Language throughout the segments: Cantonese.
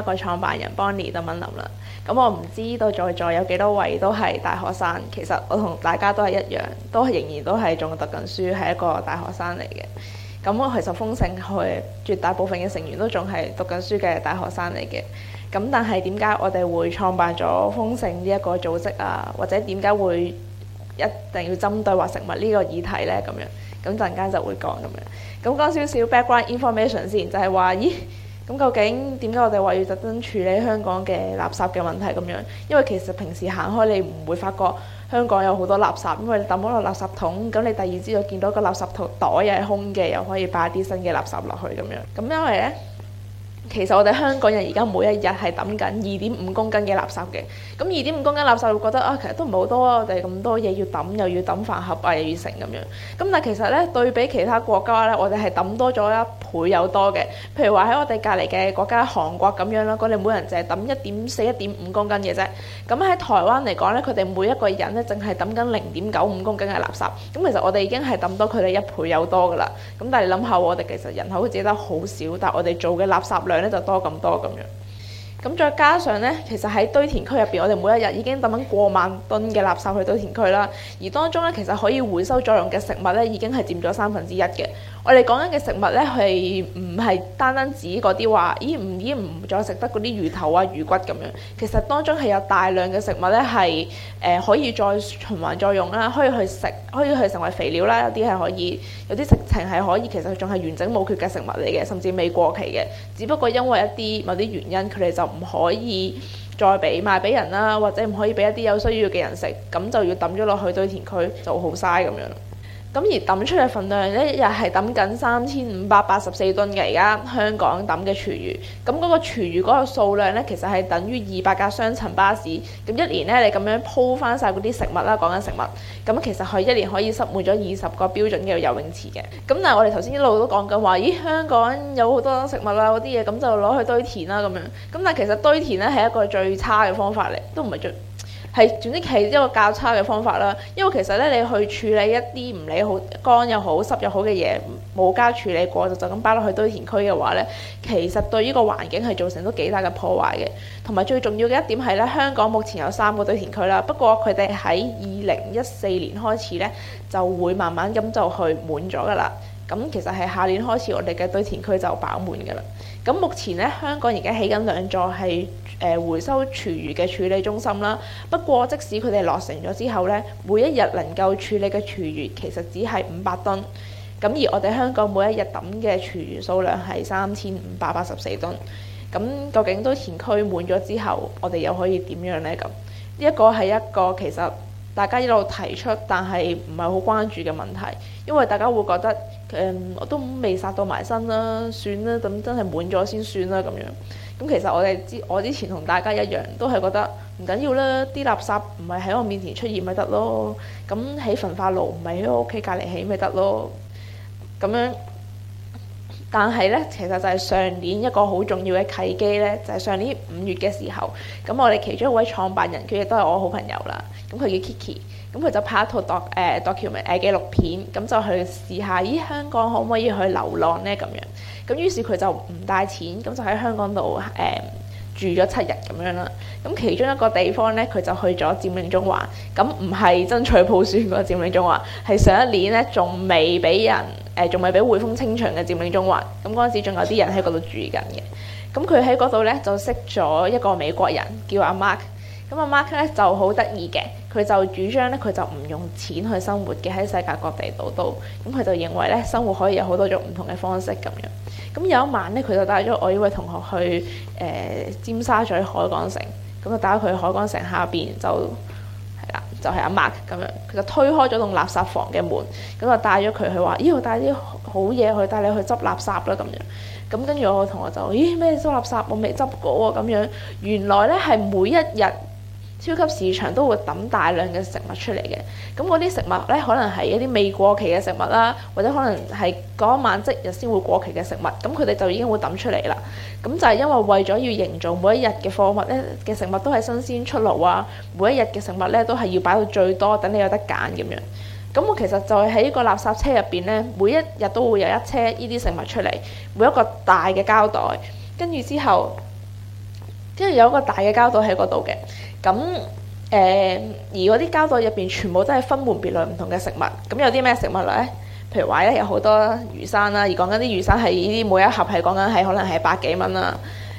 一個創辦人 Bonnie 鄧敏琳啦？咁、嗯、我唔知道在座有幾多位都係大學生。其實我同大家都係一樣，都係仍然都係仲讀緊書，係一個大學生嚟嘅。咁、嗯、我其實豐剩佢絕大部分嘅成員都仲係讀緊書嘅大學生嚟嘅。咁、嗯、但係點解我哋會創辦咗豐剩呢一個組織啊？或者點解會一定要針對話食物呢個議題呢？咁樣咁陣間就會講咁樣。咁講少少 background information 先，就係話咦。咁究竟點解我哋話要特登處理香港嘅垃圾嘅問題咁樣？因為其實平時行開你唔會發覺香港有好多垃圾，因為你抌咗落垃圾桶，咁你第二朝就見到個垃圾桶袋又係空嘅，又可以擺啲新嘅垃圾落去咁樣。咁因為呢。其實我哋香港人而家每一日係抌緊二點五公斤嘅垃圾嘅，咁二點五公斤垃圾會覺得啊，其實都唔係好多啊！我哋咁多嘢要抌，又要抌飯盒啊，又要成咁樣。咁但係其實咧，對比其他國家咧，我哋係抌多咗一倍有多嘅。譬如話喺我哋隔離嘅國家韓國咁樣啦，佢哋每人淨係抌一點四一點五公斤嘅啫。咁喺台灣嚟講咧，佢哋每一個人咧淨係抌緊零點九五公斤嘅垃圾。咁其實我哋已經係抌多佢哋一倍有多噶啦。咁但係你諗下，我哋其實人口自己都好少，但係我哋做嘅垃圾量，咧就多咁多咁樣，咁再加上咧，其實喺堆填區入邊，我哋每一日已經抌緊過萬噸嘅垃圾去堆填區啦，而當中咧，其實可以回收作用嘅食物咧，已經係佔咗三分之一嘅。我哋講緊嘅食物呢，係唔係單單指嗰啲話，咦唔咦唔再食得嗰啲魚頭啊、魚骨咁樣。其實當中係有大量嘅食物呢，係、呃、誒可以再循環再用啦，可以去食，可以去成為肥料啦。有啲係可以，有啲食情係可以，其實仲係完整無缺嘅食物嚟嘅，甚至未過期嘅。只不過因為一啲某啲原因，佢哋就唔可以再俾賣俾人啦，或者唔可以俾一啲有需要嘅人食，咁就要抌咗落去堆填區，就好嘥咁樣。咁而抌出嘅份量咧，又係抌緊三千五百八十四噸嘅而家香港抌嘅廚餘。咁嗰個廚餘嗰個數量咧，其實係等於二百架雙層巴士。咁一年咧，你咁樣鋪翻晒嗰啲食物啦，講緊食物。咁其實佢一年可以塞滿咗二十個標準嘅游泳池嘅。咁但係我哋頭先一路都講緊話，咦香港有好多食物啦，嗰啲嘢咁就攞去堆填啦咁樣。咁但係其實堆填咧係一個最差嘅方法嚟，都唔係最。係，總之係一個較差嘅方法啦。因為其實咧，你去處理一啲唔理好乾又好濕又好嘅嘢，冇加處理過就就咁擺落去堆填區嘅話咧，其實對呢個環境係造成咗幾大嘅破壞嘅。同埋最重要嘅一點係咧，香港目前有三個堆填區啦，不過佢哋喺二零一四年開始咧就會慢慢咁就去滿咗噶啦。咁其實係下年開始我，我哋嘅堆填區就飽滿噶啦。咁目前咧，香港而家起緊兩座係回收廚餘嘅處理中心啦，不過即使佢哋落成咗之後呢，每一日能夠處理嘅廚餘其實只係五百噸，咁而我哋香港每一日抌嘅廚餘數量係三千五百八十四噸，咁究竟堆填區滿咗之後，我哋又可以點樣呢？咁呢一個係一個其實大家一路提出，但係唔係好關注嘅問題，因為大家會覺得誒、嗯，我都未殺到埋身啦，算啦，咁真係滿咗先算啦，咁樣。咁其實我哋之我之前同大家一樣，都係覺得唔緊要啦，啲垃圾唔係喺我面前出現咪得咯，咁起焚化爐唔係喺我屋企隔離起咪得咯，咁樣。但係咧，其實就係上年一個好重要嘅契機咧，就係上年五月嘅時候，咁我哋其中一位創辦人，佢亦都係我好朋友啦。咁佢叫 Kiki，咁佢就拍一套 Do 誒 Documen 誒紀錄片，咁就去試下，咦香港可唔可以去流浪咧？咁樣，咁於是佢就唔帶錢，咁就喺香港度誒住咗七日咁樣啦。咁其中一個地方咧，佢就去咗佔領中環。咁唔係爭取普選嗰個佔領中環，係上一年咧仲未俾人。誒仲未俾匯豐清場嘅佔領中環，咁嗰陣時仲有啲人喺嗰度住緊嘅。咁佢喺嗰度呢，就識咗一個美國人叫阿 Mark，咁阿 Mark 呢就好得意嘅，佢就主張呢，佢就唔用錢去生活嘅，喺世界各地度度，咁佢就認為呢，生活可以有好多種唔同嘅方式咁樣。咁有一晚呢，佢就帶咗我呢位同學去誒、呃、尖沙咀海港城，咁就帶咗佢去海港城下邊就。係啦，就係、是、阿 Mark 咁樣，佢就推開咗棟垃圾房嘅門，咁就帶咗佢去話，咦，我帶啲好嘢去，帶你去執垃圾啦咁樣。咁跟住我個同學就，咦，咩執垃圾？我未執過喎咁樣。原來咧係每一日，超級市場都會揼大量嘅食物出嚟嘅，咁嗰啲食物咧可能係一啲未過期嘅食物啦，或者可能係嗰一晚即日先會過期嘅食物，咁佢哋就已經會揼出嚟啦。咁就係因為為咗要營造每一日嘅貨物咧嘅食物都係新鮮出爐啊，每一日嘅食物咧都係要擺到最多，等你有得揀咁樣。咁我其實就係喺個垃圾車入邊咧，每一日都會有一車呢啲食物出嚟，每一個大嘅膠袋，跟住之後。因為有一個大嘅膠袋喺嗰度嘅，咁誒、呃、而嗰啲膠袋入邊全部都係分門別類唔同嘅食物，咁有啲咩食物咧？譬如話咧有好多魚生啦，而講緊啲魚生係呢啲每一盒係講緊係可能係百幾蚊啦，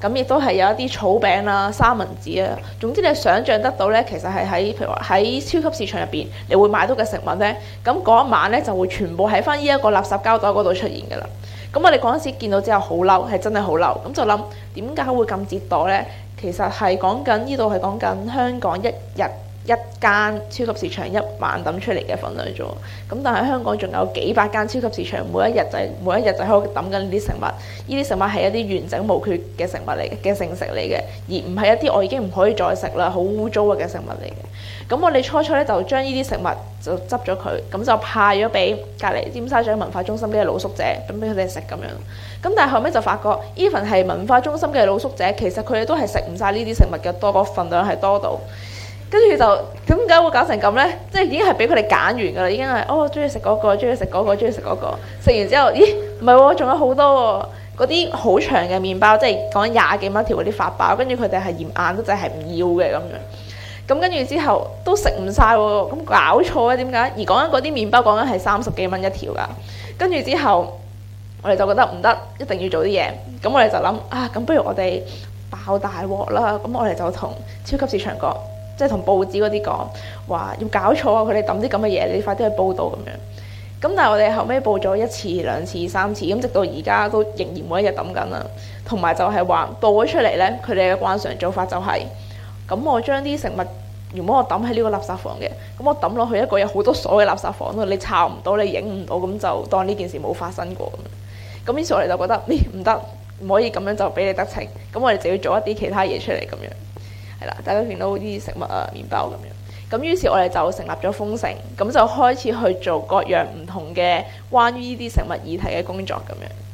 咁亦都係有一啲草餅啦、啊、三文治啊，總之你想象得到咧，其實係喺譬如話喺超級市場入邊你會買到嘅食物咧，咁嗰一晚咧就會全部喺翻呢一個垃圾膠袋嗰度出現㗎啦。咁我哋嗰陣時見到之後好嬲，係真係好嬲。咁就諗點解會咁折墮呢？其實係講緊，呢度係講緊香港一日，一間超級市場一晚抌出嚟嘅份量啫喎，咁但係香港仲有幾百間超級市場，每一日就係每一日就喺度抌緊呢啲食物，呢啲食物係一啲完整無缺嘅食物嚟嘅，嘅剩食嚟嘅，而唔係一啲我已經唔可以再食啦，好污糟嘅食物嚟嘅。咁我哋初初咧就將呢啲食物就執咗佢，咁就派咗俾隔離尖沙咀文化中心嘅露宿者，咁俾佢哋食咁樣。咁但係後尾就發覺，Even 係文化中心嘅露宿者，其實佢哋都係食唔晒呢啲食物嘅，多個份量係多到。跟住就咁點解會搞成咁呢？即係已經係俾佢哋揀完㗎啦，已經係哦，中意食嗰個，中意食嗰個，中意食嗰個。食完之後，咦？唔係喎，仲有好多嗰啲好長嘅麵包，即係講緊廿幾蚊一條嗰啲法包。跟住佢哋係嫌硬，就係唔要嘅咁樣。咁跟住之後都食唔晒喎，咁搞錯呀點解？而講緊嗰啲麵包講緊係三十幾蚊一條㗎。跟住之後，我哋就覺得唔得，一定要做啲嘢。咁我哋就諗啊，咁不如我哋爆大鑊啦！咁我哋就同超級市場講。即係同報紙嗰啲講，話要搞錯啊！佢哋抌啲咁嘅嘢，你快啲去報道咁樣。咁但係我哋後尾報咗一次、兩次、三次，咁直到而家都仍然每一日抌緊啦。同埋就係話報咗出嚟呢，佢哋嘅慣常做法就係、是，咁我將啲食物如果我抌喺呢個垃圾房嘅，咁我抌落去一個有好多鎖嘅垃圾房度，你查唔到，你影唔到，咁就當呢件事冇發生過。咁於是我哋就覺得，呢唔得，唔可以咁樣就俾你得逞。」咁我哋就要做一啲其他嘢出嚟咁樣。係啦，大家見到啲食物啊、呃，麵包咁樣，咁於是我哋就成立咗豐剩，咁就開始去做各樣唔同嘅關於呢啲食物議題嘅工作咁樣。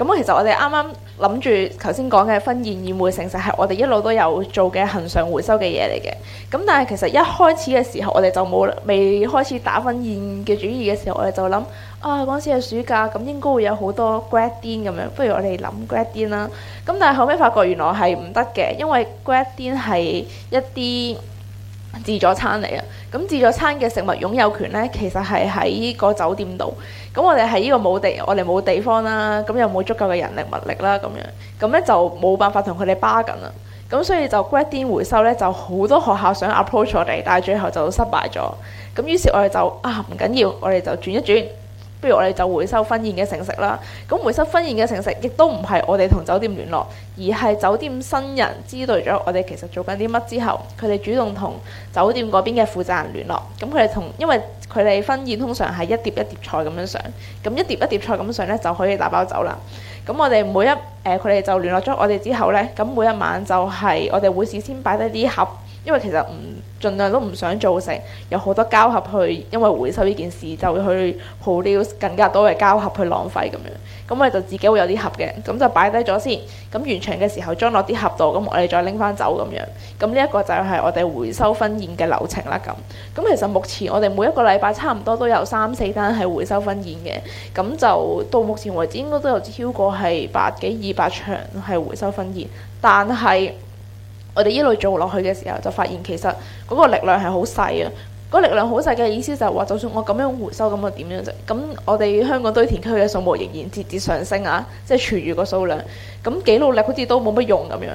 咁、嗯、其實我哋啱啱諗住頭先講嘅婚宴宴會剩食係我哋一路都有做嘅恆常回收嘅嘢嚟嘅。咁、嗯、但係其實一開始嘅時候，我哋就冇未開始打婚宴嘅主意嘅時候，我哋就諗啊嗰陣時係暑假，咁、嗯、應該會有好多 grad din 咁樣，不如我哋諗 grad din 啦。咁、嗯、但係後尾發覺原來係唔得嘅，因為 grad din 係一啲，自助餐嚟啊！咁自助餐嘅食物擁有權咧，其實係喺個酒店度。咁我哋喺呢個冇地，我哋冇地方啦。咁又冇足夠嘅人力物力啦，咁樣咁咧就冇辦法同佢哋巴緊啦。咁所以就 gradin 回收咧，就好多學校想 approach 我哋，但係最後就失敗咗。咁於是我哋就啊唔緊要，我哋就轉一轉。不如我哋就回收婚宴嘅剩食啦。咁回收婚宴嘅剩食，亦都唔係我哋同酒店聯絡，而係酒店新人知道咗我哋其實做緊啲乜之後，佢哋主動同酒店嗰邊嘅負責人聯絡。咁佢哋同，因為佢哋婚宴通常係一碟一碟菜咁樣上，咁一碟一碟菜咁上咧就可以打包走啦。咁我哋每一誒，佢哋就聯絡咗我哋之後咧，咁每一晚就係我哋會事先擺低啲盒，因為其實唔。盡量都唔想造成，有好多膠盒去，因為回收呢件事就會去耗掉更加多嘅膠盒去浪費咁樣。咁我哋就自己會有啲盒嘅，咁就擺低咗先。咁完場嘅時候裝落啲盒度，咁我哋再拎翻走咁樣。咁呢一個就係我哋回收婚宴嘅流程啦。咁，咁其實目前我哋每一個禮拜差唔多都有三四單係回收婚宴嘅，咁就到目前為止應該都有超過係百幾二百場係回收婚宴，但係。我哋一路做落去嘅時候，就發現其實嗰個力量係好細啊！嗰、那個、力量好細嘅意思就係、是、話，就算我咁樣回收，咁又點樣啫？咁我哋香港堆填區嘅數目仍然節節上升啊！即係廚餘個數量，咁幾努力好似都冇乜用咁樣。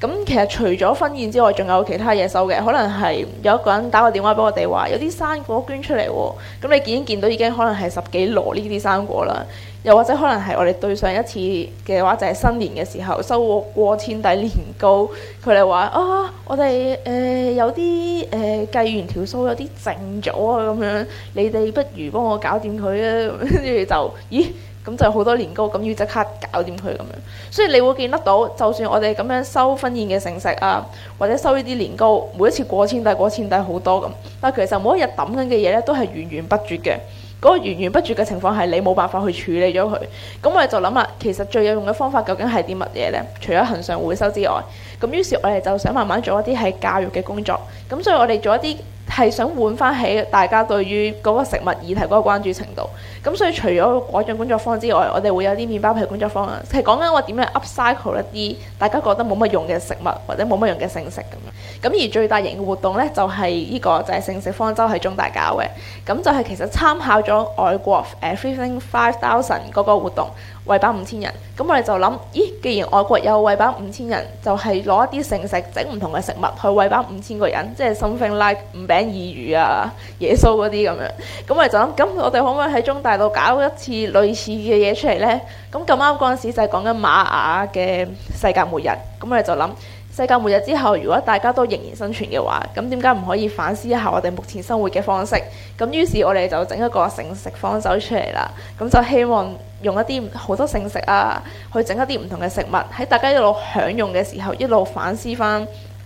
咁其實除咗婚宴之外，仲有其他嘢收嘅，可能係有一個人打個電話俾我哋話，有啲生果捐出嚟喎。咁你見見到已經可能係十幾籮呢啲生果啦。又或者可能係我哋對上一次嘅話，就係、是、新年嘅時候，收過，過千底年糕。佢哋話：啊，我哋誒、呃、有啲誒、呃、計完條數有啲剩咗啊，咁樣你哋不如幫我搞掂佢啊。跟住就咦，咁就好多年糕，咁要即刻搞掂佢咁樣。所以你會見得到，就算我哋咁樣收婚宴嘅剩食啊，或者收呢啲年糕，每一次過千底過千底好多咁。但係其實每一日抌緊嘅嘢咧，都係源源不絕嘅。嗰個源源不絕嘅情況係你冇辦法去處理咗佢，咁我哋就諗下，其實最有用嘅方法究竟係啲乜嘢咧？除咗恆常回收之外，咁於是我哋就想慢慢做一啲係教育嘅工作，咁所以我哋做一啲。係想換翻起大家對於嗰個食物議題嗰個關注程度，咁所以除咗改進工作坊之外，我哋會有啲麵包皮工作坊啊，係講緊我點樣 upcycle 一啲大家覺得冇乜用嘅食物或者冇乜用嘅剩食咁樣，咁而最大型嘅活動呢，就係呢個就係剩食方舟係中大搞嘅，咁就係其實參考咗外國誒 Feeding the 5000嗰個活動。餵飽五千人，咁我哋就諗，咦？既然外國有餵飽五千人，就係攞一啲剩食整唔同嘅食物去餵飽五千個人，即係 something like 五餅二魚啊、耶穌嗰啲咁樣。咁我哋就諗，咁我哋可唔可以喺中大度搞一次類似嘅嘢出嚟呢？咁咁啱嗰陣時就係講緊馬雅嘅世界末日，咁我哋就諗世界末日之後，如果大家都仍然生存嘅話，咁點解唔可以反思一下我哋目前生活嘅方式？咁於是，我哋就整一個剩食方舟出嚟啦。咁就希望，用一啲好多剩食啊，去整一啲唔同嘅食物，喺大家一路享用嘅時候，一路反思翻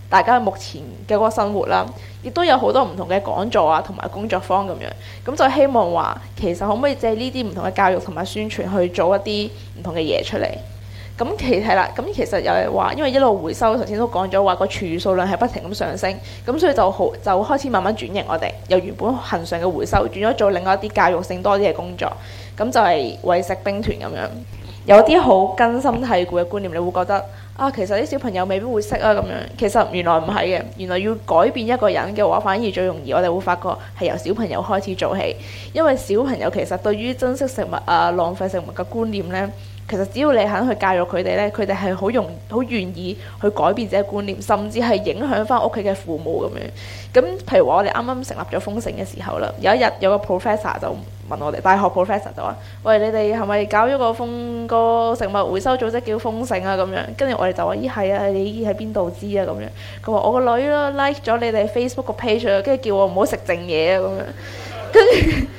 大家目前嘅嗰個生活啦、啊。亦都有好多唔同嘅講座啊，同埋工作坊咁樣，咁就希望話其實可唔可以借呢啲唔同嘅教育同埋宣傳去做一啲唔同嘅嘢出嚟？咁其係啦，咁其實又係話，因為一路回收，頭先都講咗話個廚餘數量係不停咁上升，咁所以就好就開始慢慢轉型我，我哋由原本恆常嘅回收，轉咗做另外一啲教育性多啲嘅工作。咁就係餵食兵團咁樣，有啲好根深蒂固嘅觀念，你會覺得啊，其實啲小朋友未必會識啊咁樣。其實原來唔係嘅，原來要改變一個人嘅話，反而最容易。我哋會發覺係由小朋友開始做起，因為小朋友其實對於珍惜食物啊、浪費食物嘅觀念呢。其實只要你肯去教育佢哋咧，佢哋係好容易好願意去改變自己嘅觀念，甚至係影響翻屋企嘅父母咁樣。咁譬如話我哋啱啱成立咗豐剩嘅時候啦，有一日有個 professor 就問我哋，大學 professor 就話，喂，你哋係咪搞咗個豐，個食物回收組織叫豐剩啊？咁樣，跟住我哋就話，咦係啊，你喺邊度知啊？咁樣，佢話我個女咯 like 咗你哋 Facebook 個 page 咯，跟住叫我唔好食剩嘢啊咁樣，跟。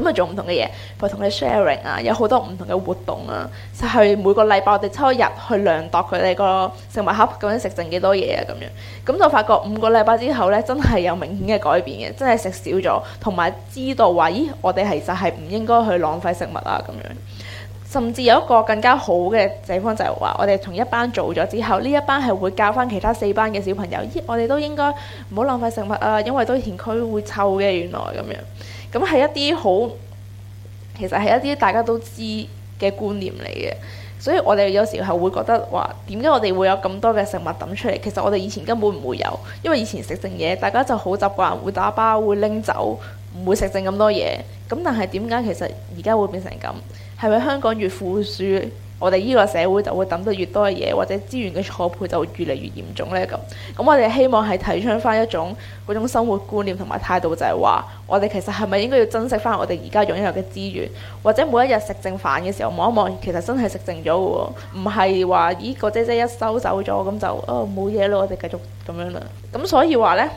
咁啊做唔同嘅嘢，同佢 sharing 啊，有好多唔同嘅活動啊，就係每個禮拜我哋抽一日去量度佢哋個食物盒究竟食剩幾多嘢啊咁樣，咁就發覺五個禮拜之後咧，真係有明顯嘅改變嘅，真係食少咗，同埋知道話，咦，我哋其實係唔應該去浪費食物啊咁樣。甚至有一個更加好嘅地方就係話，我哋同一班做咗之後，呢一班係會教翻其他四班嘅小朋友，咦，我哋都應該唔好浪費食物啊，因為堆填區會臭嘅，原來咁樣。咁係一啲好，其實係一啲大家都知嘅觀念嚟嘅。所以我哋有時候係會覺得話，點解我哋會有咁多嘅食物抌出嚟？其實我哋以前根本唔會有，因為以前食剩嘢，大家就好習慣會打包、會拎走。唔會食剩咁多嘢，咁但係點解其實而家會變成咁？係咪香港越富庶，我哋依個社會就會抌得越多嘅嘢，或者資源嘅錯配就會越嚟越嚴重呢？咁，咁我哋希望係提倡翻一種嗰種生活觀念同埋態度就，就係話我哋其實係咪應該要珍惜翻我哋而家擁有嘅資源，或者每一日食剩飯嘅時候望一望，其實真係食剩咗喎，唔係話咦個姐姐一收走咗咁就哦冇嘢啦，我哋繼續咁樣啦。咁所以話呢。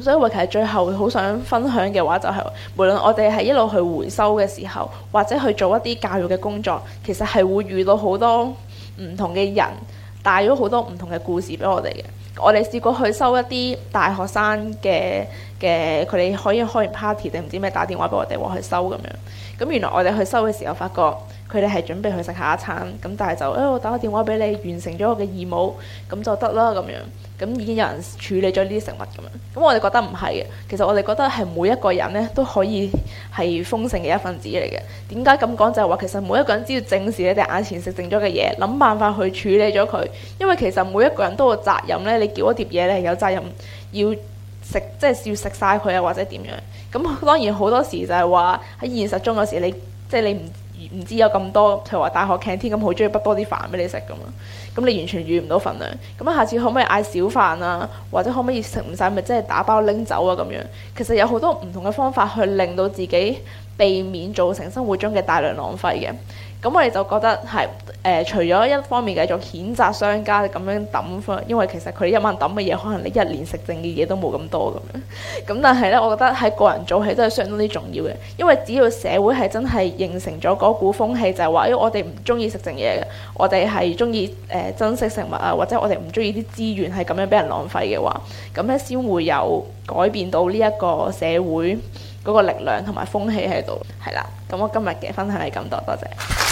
所以，我其實最後好想分享嘅話、就是，就係無論我哋係一路去回收嘅時候，或者去做一啲教育嘅工作，其實係會遇到好多唔同嘅人，帶咗好多唔同嘅故事俾我哋嘅。我哋試過去收一啲大學生嘅。嘅，佢哋可以開完 party 定唔知咩，打電話俾我哋話去收咁樣，咁原來我哋去收嘅時候發覺佢哋係準備去食下一餐，咁但係就誒、哎、我打個電話俾你完成咗我嘅義務咁就得啦咁樣，咁已經有人處理咗呢啲食物咁樣，咁我哋覺得唔係嘅，其實我哋覺得係每一個人咧都可以係豐剩嘅一份子嚟嘅。點解咁講就係、是、話其實每一個人只要正視你哋眼前食剩咗嘅嘢，諗辦法去處理咗佢，因為其實每一個人都有責任咧，你叫一碟嘢你係有責任要。食即係要食晒佢啊，或者點樣？咁當然好多時就係話喺現實中有時你，即你即係你唔唔知有咁多，譬如話大學 canteen 咁，好中意畀多啲飯俾你食咁啊。咁你完全預唔到份量。咁下次可唔可以嗌少飯啊？或者可唔可以食唔晒咪即係打包拎走啊？咁樣其實有好多唔同嘅方法去令到自己避免造成生活中嘅大量浪費嘅。咁我哋就覺得係誒、呃，除咗一方面繼續譴責商家咁樣抌翻，因為其實佢一晚抌嘅嘢，可能你一年食剩嘅嘢都冇咁多咁樣。咁、嗯、但係呢，我覺得喺個人做起都係相當之重要嘅，因為只要社會係真係形成咗嗰股風氣，就係、是、話，因為我哋唔中意食剩嘢嘅，我哋係中意誒珍惜食物啊，或者我哋唔中意啲資源係咁樣俾人浪費嘅話，咁呢先會有改變到呢一個社會嗰個力量同埋風氣喺度係啦。咁我今日嘅分享係咁多，多謝。